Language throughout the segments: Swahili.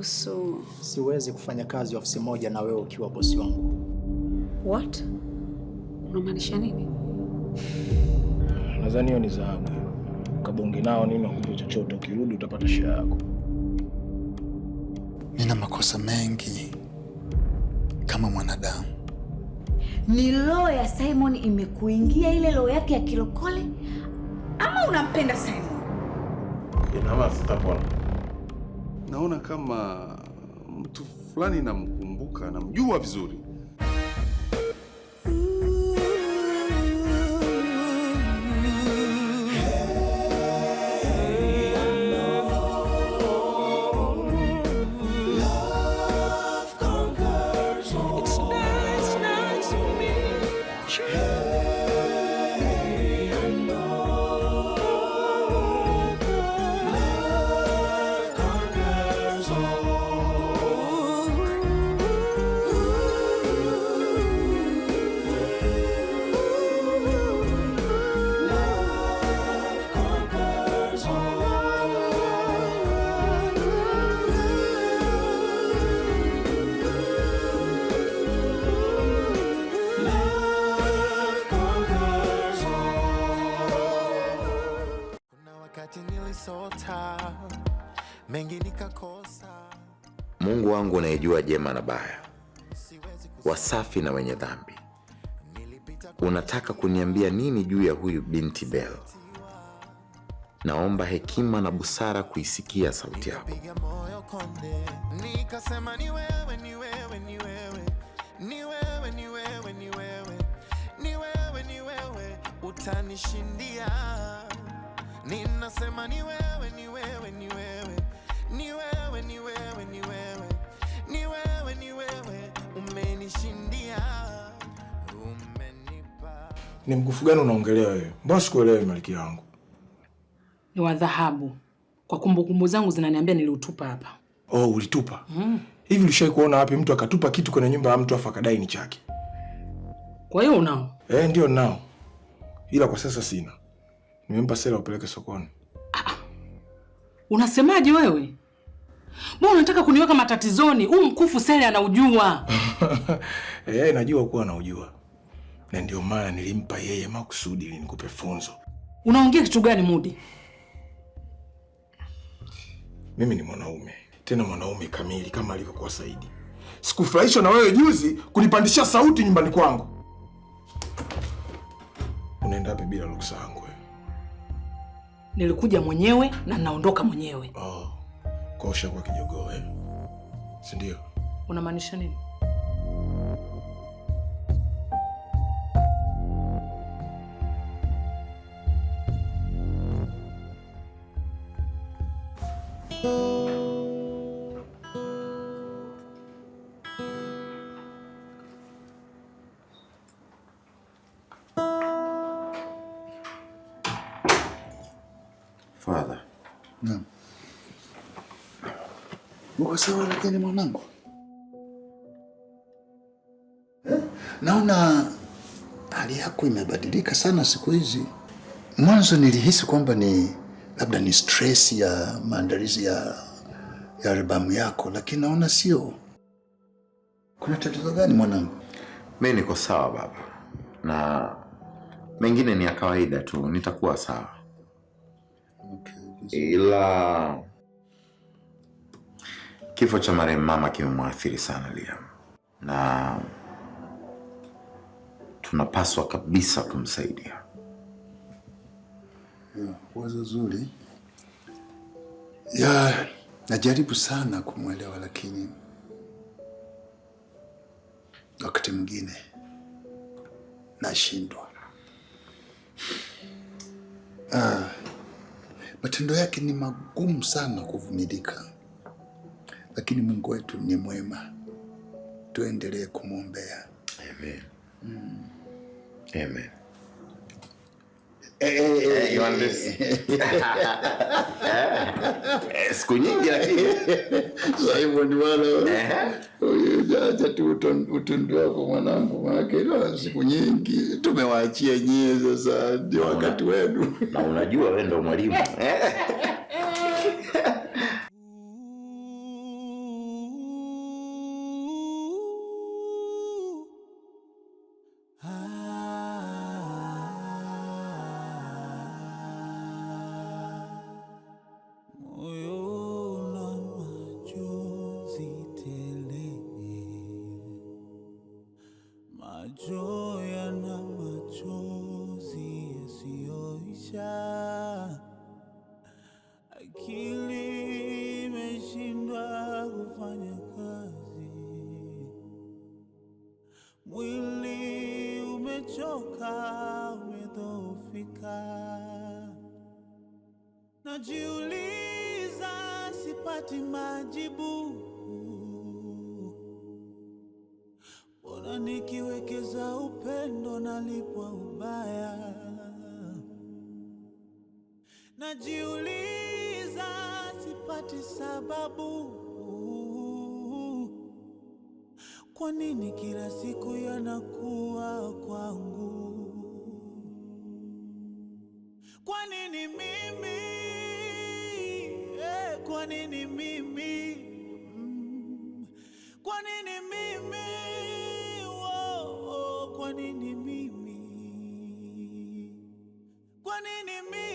kuhusu... Siwezi kufanya kazi ofisi moja na wewe ukiwa bosi wangu. What? Unamaanisha nini? Nadhani hiyo ni dhahabu. Kabonge nao nini wakupe chochote, ukirudi utapata shia yako. Nina makosa mengi kama mwanadamu. Ni roho ya Simon imekuingia, ile roho yake ya kilokole, ama unampenda Simon? Inama sitapona naona kama mtu fulani namkumbuka, namjua vizuri. mengi nikakosa. Mungu wangu unayejua jema na baya, wasafi na wenye dhambi, unataka kuniambia nini juu ya huyu binti Bel? Naomba hekima na busara kuisikia sauti yako. utanishindia. Ninasema ni wewe, ni wewe, ni wewe ni wewe, ni wewe, ni wewe, ni wewe, ni wewe, umenishindia, umenipa. Ni mkufu gani unaongelea wewe? Mbona sikuelewi, maliki yangu? Ni wa dhahabu. Kwa kumbukumbu zangu zinaniambia niliutupa hapa. Oh, ulitupa? Mm. Hivi ulishawahi kuona wapi mtu akatupa kitu kwenye nyumba ya mtu afa kadai ni chake? Kwa hiyo unao? Eh, ndio nao. Ila kwa sasa sina. Nimempa Sela upeleke sokoni. Ah, ah. unasemaje wewe? Mbona unataka kuniweka matatizoni? Huu mkufu Sele anaujua. Eh, najua kuwa anaujua, na ndio maana nilimpa yeye makusudi ili nikupe funzo. Unaongea kitu gani Mudi? Mimi ni mwanaume, tena mwanaume kamili kama alivyokuwa Saidi. Sikufurahishwa na wewe juzi kunipandishia sauti nyumbani kwangu. Unaenda wapi bila ruksa yangu? Nilikuja mwenyewe na naondoka mwenyewe. Oh kuosha kwa kijogoo, eh? si ndio? Unamaanisha nini? sawa lakini mwanangu eh? Naona hali yako imebadilika sana siku hizi. Mwanzo nilihisi kwamba ni labda ni stress ya maandalizi ya, ya albamu yako, lakini naona sio. Kuna tatizo gani mwanangu? Mi niko sawa baba, na mengine ni ya kawaida tu, nitakuwa sawa okay, ila Kifo cha marehemu mama kimemwathiri sana Liam, na tunapaswa kabisa kumsaidia. Wazo zuri ya najaribu sana kumwelewa, lakini wakati mwingine nashindwa. Ah, matendo yake ni magumu sana kuvumilika lakini Mungu wetu ni mwema, tuendelee kumwombea. Amen. Mm. Amen. Hey, hey, hey, hey. Siku nyingi lakini Simon wala acha tu utundu wako mwanangu, manake siku nyingi tumewaachia nyie, sasa ndio wakati wenu, na unajua wewe ndio mwalimu yo kwa ubaya. Najiuliza, sipati sababu, kwa nini kila siku yanakuwa kwangu? Kwa nini mimi eh? Kwa nini mimi In enemy.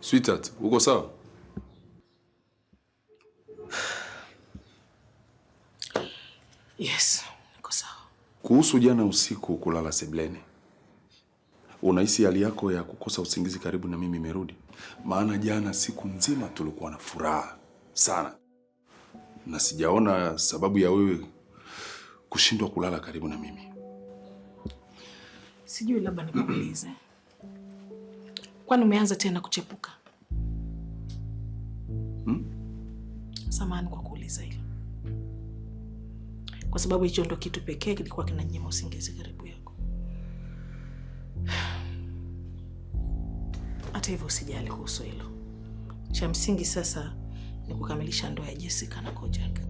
Sweetheart, uko sawa? Yes, niko sawa. Kuhusu jana usiku kulala sebleni, unahisi hali yako ya kukosa usingizi karibu na mimi imerudi? Maana jana siku nzima tulikuwa na furaha sana, na sijaona sababu ya wewe kushindwa kulala karibu na mimi. Sijui, labda nikuulize Kwani umeanza tena kuchepuka hmm? Samahani kwa kuuliza hilo, kwa sababu hicho ndo kitu pekee kilikuwa kinanyima usingizi karibu yako. Hata hivyo, usijali kuhusu hilo. Cha msingi sasa ni kukamilisha ndoa ya Jessica na Kojak.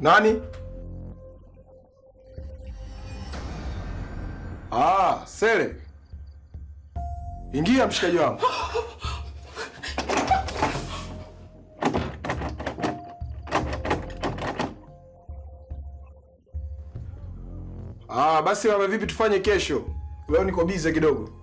Nani? Ah, Sele. Ingia mshikaji wangu. Ah, basi baba, vipi tufanye kesho? Leo niko bize kidogo.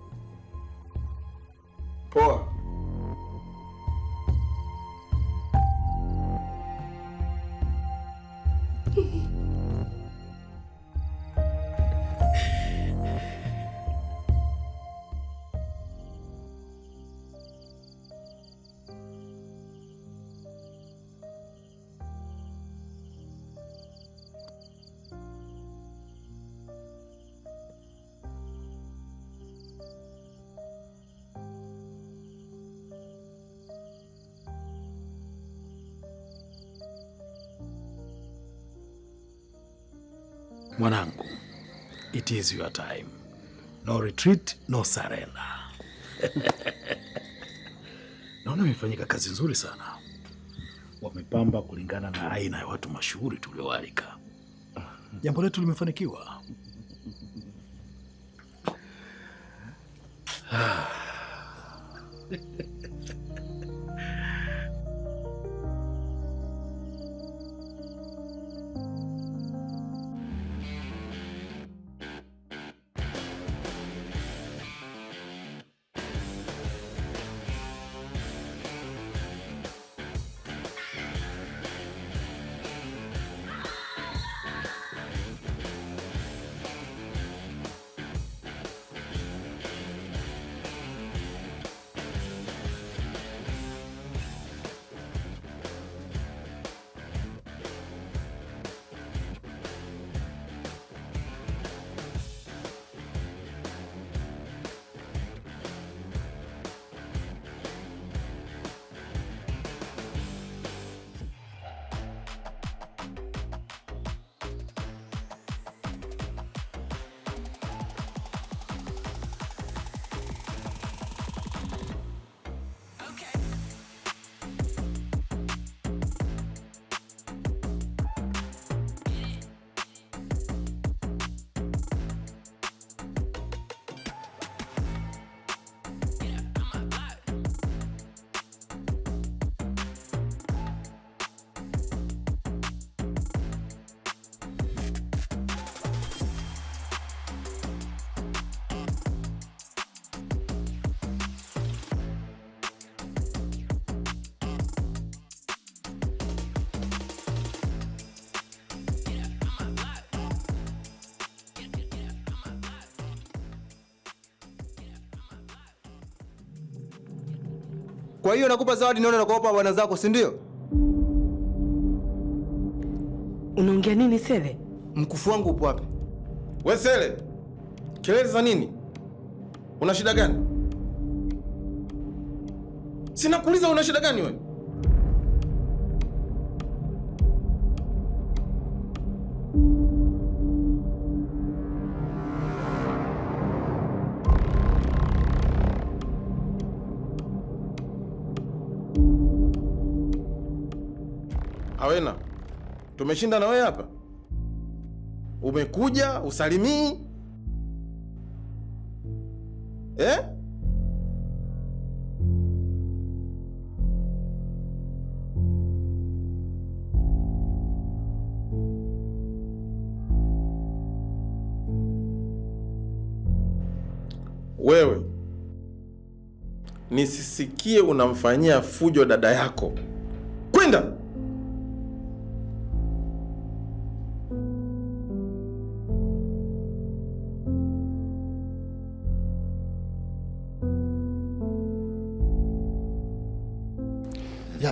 Mwanangu, it is your time. No retreat, no surrender. Naona imefanyika kazi nzuri sana, wamepamba kulingana na aina ya watu mashuhuri tulioalika Jambo letu limefanikiwa. Kwa hiyo nakupa zawadi, naona nakuwapa bwana zako, si ndio? Unaongea nini Sele? Mkufu wangu upo wapi? We Sele, kelele za nini? Una shida gani? Sinakuuliza una shida gani wewe? Awena, tumeshinda na wewe hapa, umekuja usalimii eh? Wewe nisisikie unamfanyia fujo dada yako, kwenda.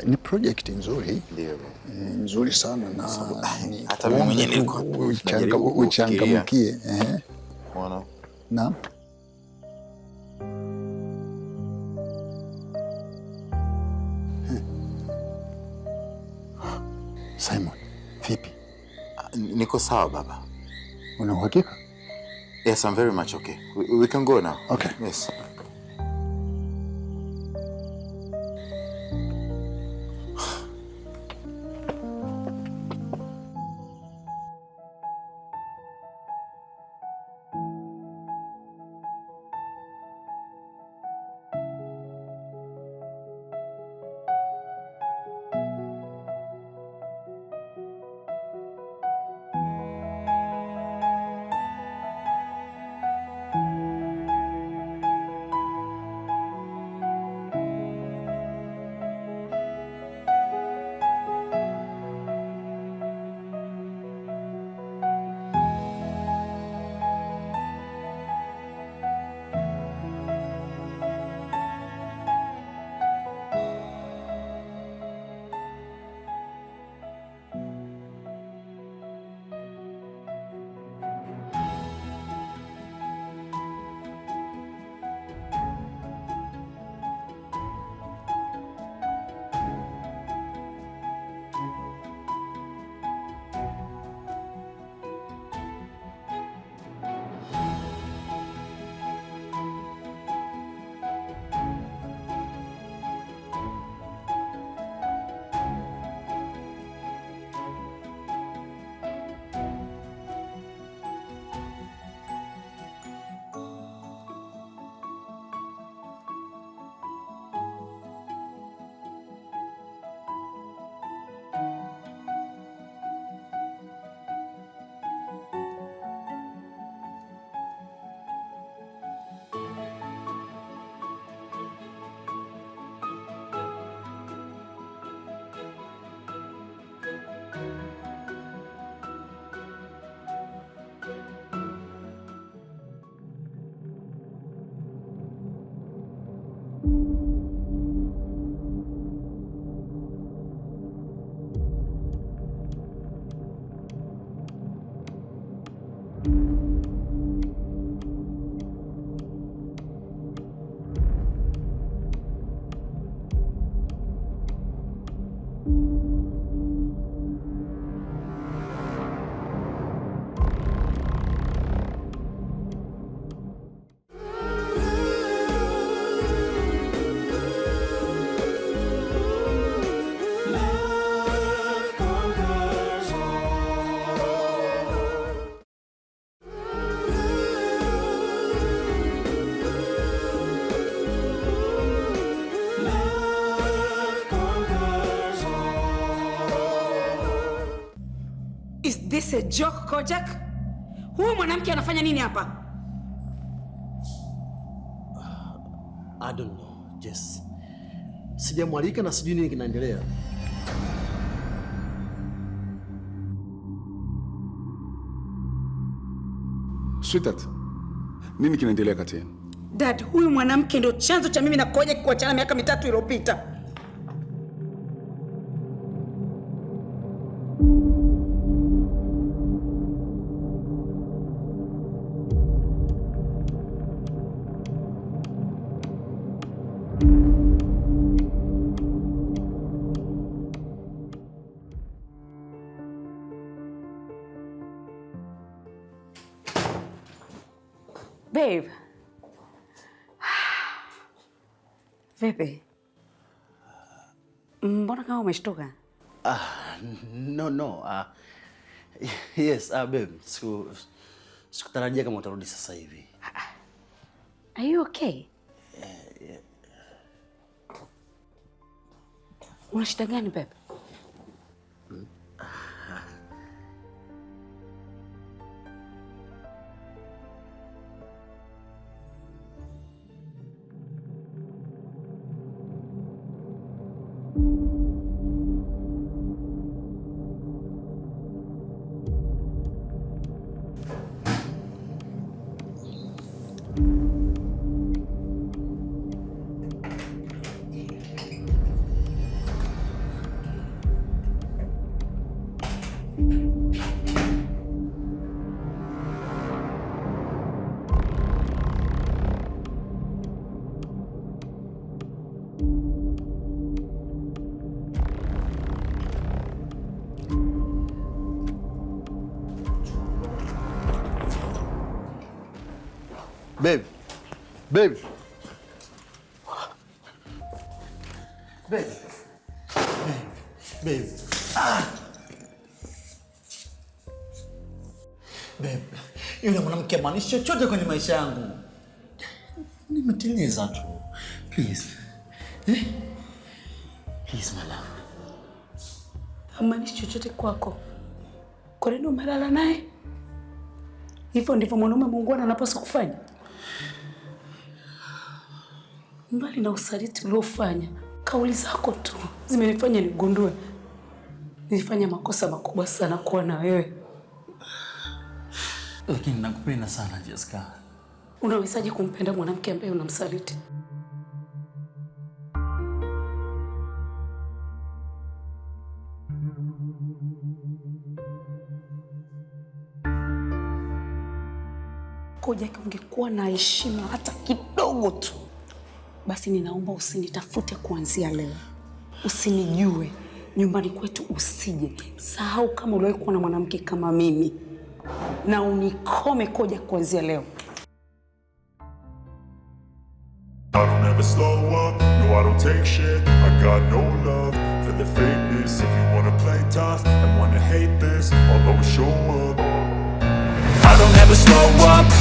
ni project nzuri eh, nzuri sana na ah, hata mimi mwenyewe nilikuwa uchangamkie. Eh. na eh. Simon, vipi? Ah, niko sawa baba. Una uhakika? Yes, I'm very much okay. We, we can go now. Okay. Yes. a joke, Kojak, huyu mwanamke anafanya nini hapa? I don't know, Jess. Sijamwalika na sijui nini kinaendelea. Sweetheart, nini kinaendelea kati yenu? Dad, huyu mwanamke ndio chanzo cha mimi na Kojak kuachana miaka mitatu iliyopita. Umeshtuka? Ah, no, no. Ah, yes, ah, babe. Siku sikutarajia kama utarudi sasa hivi. Are you okay? Uh, yeah. Una shida gani babe? Babe. Babe. Babe. Babe. Ah. Yule mwanamke maanishi chochote kwenye maisha yangu. tu. Please. haimaanishi chochote kwako. Kwa nini umelala naye? Hivyo ndivyo mwanaume muungwana anapaswa kufanya? Mbali na usaliti uliofanya, kauli zako tu zimenifanya nigundue nilifanya makosa makubwa sana kuwa na wewe. Lakini nakupenda sana Jessica. Unawezaje kumpenda mwanamke ambaye unamsaliti? Jack, ungekuwa na heshima hata kidogo tu, basi ninaomba usinitafute kuanzia leo, usinijue nyumbani kwetu, usije sahau kama uliwahi kuwa na mwanamke kama mimi, na unikome koja kuanzia leo. I don't ever slow up, I don't ever slow up.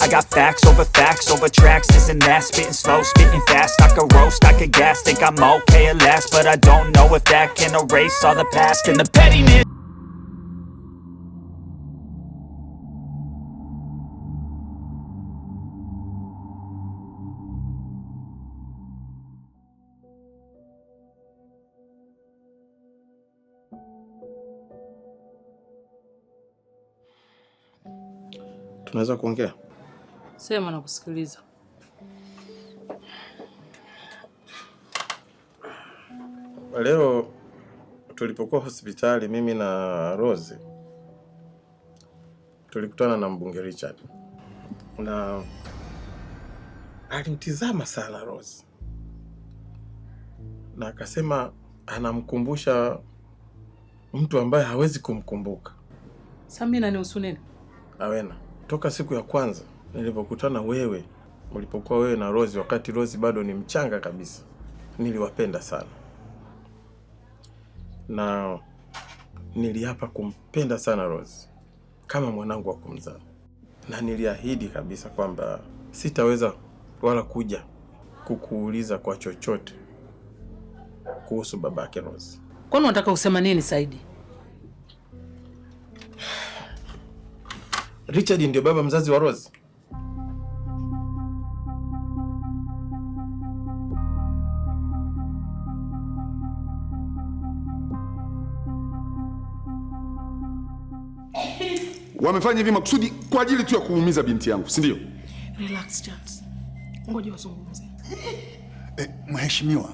I got facts over facts over tracks, this and that Spitting slow, spitting fast, I could roast, I could gas Think I'm okay at last, but I don't know if that can erase all the past And the pettiness tunaweza kuongea? Sema, nakusikiliza. Leo tulipokuwa hospitali mimi na Rose tulikutana na mbunge Richard, na alimtizama sana Rose na akasema anamkumbusha mtu ambaye hawezi kumkumbuka. Samina ni usuneni awena toka siku ya kwanza nilipokutana wewe, ulipokuwa wewe na Rose, wakati Rose bado ni mchanga kabisa, niliwapenda sana na niliapa kumpenda sana Rose kama mwanangu wa kumzaa, na niliahidi kabisa kwamba sitaweza wala kuja kukuuliza kwa chochote kuhusu babake Rose. Kwani unataka kusema nini Saidi? Richard ndio baba mzazi wa Rose? Wamefanya hivi makusudi kwa ajili tu ya kuumiza binti yangu, si ndio? Relax Charles. Ngoja wazungumze. Eh, mheshimiwa,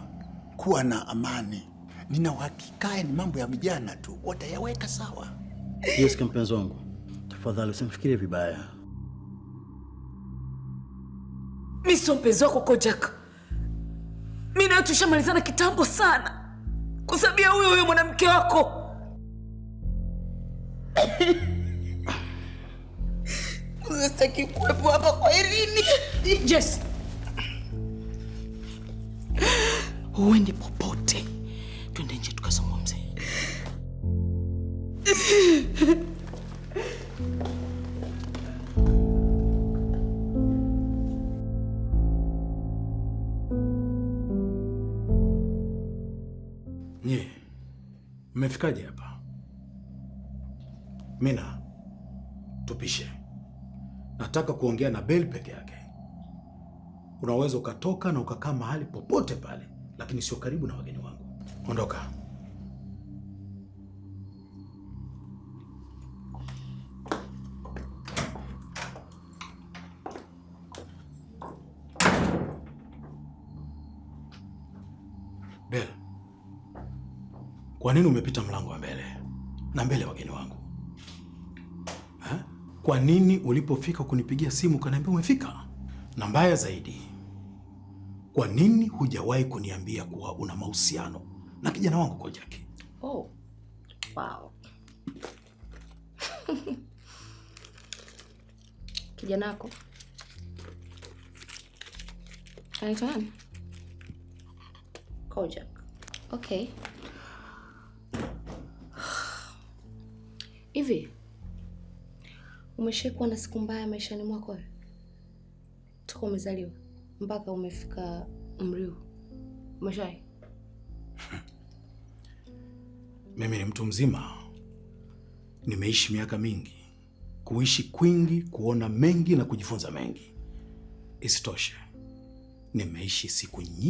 kuwa na amani. Nina uhakika ni mambo ya vijana tu, watayaweka sawa. Yes, mpenzi wangu. Tafadhali usimfikirie vibaya. Mi sio mpenzi wako Kojak, mi nayo tushamalizana kitambo sana kwa sababu ya huyo huyo mwanamke wako. Sitaki kuwepo hapa kwa Irini. Yes. Uende popote, twende nje tukasomwa mzee Nye, mmefikaje hapa? Mina, tupishe. Nataka kuongea na Beli peke yake. Unaweza ukatoka na ukakaa mahali popote pale, lakini sio karibu na wageni wangu. Ondoka. Kwa nini umepita mlango wa mbele na mbele wageni wangu ha? Kwa nini ulipofika kunipigia simu kaniambia umefika? Na mbaya zaidi, kwa nini hujawahi kuniambia kuwa una mahusiano na kijana wangu Kojak? Oh. Wow. kijana wako anaitwa nani? Kojak. Okay. Hivi umeshakuwa na siku mbaya maishani mwako toka umezaliwa mpaka umefika umri huu? Umeshai? Mimi ni mtu mzima, nimeishi miaka mingi, kuishi kwingi, kuona mengi na kujifunza mengi. Isitoshe, nimeishi siku nyingi